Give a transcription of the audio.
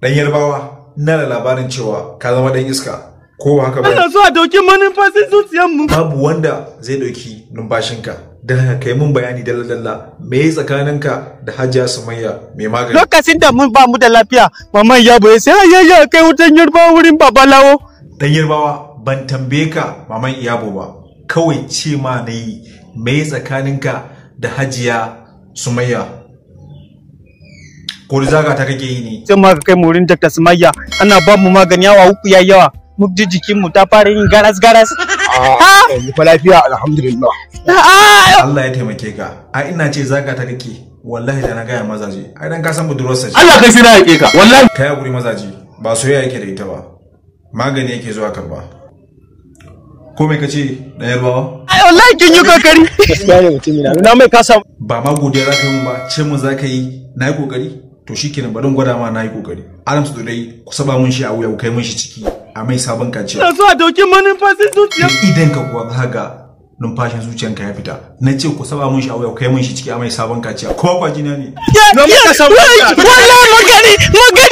dan yarbawa na da labarin cewa ka zama dan iska ko haka ba Ina so a dauki manufofin zuciyar mu babu wanda zai dauki numfashinka Dan haka kai mun bayani dalla dalla me ya tsakaninka da Hajiya Sumayya mai magani lokacin da mun ba mu da lafiya mamman ya boye sai ya ya kai wutan yarbawa wurin babalawo dan yarbawa ban tambaye ka maman iyabo ba kawai ce ma na yi me tsakaninka da Hajiya Sumayya Kurzaga ta kake yi ne. Sai ma ka kai mu wurin Dr. Sumayya ana ba mu magani yawa uku yayi yawa. Mu ji jikin mu ta fara yin garas garas. Ah, ah! Yanzu fa lafiya alhamdulillah. Ah! Allah ya taimake ka. A ina ce zaga ta kake. Wallahi da na gaya mazaje. Ai dan ka san budurwarsa ce. Allah kai sai na yake ka. Wallahi. Kai hakuri mazaje. Ba soyayya yake da ita ba. Magani yake zuwa karba. ko mai kace da yarbawa ai wallahi kin yi kokari gaskiya ne mutum na mai kasa ba ma godiya zaka yi ba ce mu ka yi na yi kokari to shikenan bari gwada ma nayi kokari arms da dai ku saba mun shi a wuya ku kai mun shi ciki a mai sabon kaciya na so a dauki manufacin zuciya idan ka kuwa ka ga numfashin zuciyanka ya fita na ce ku saba mun shi a wuya ku kai mun shi ciki a mai sabon kaciya ko kwajina ne na muka san wallahi magani magani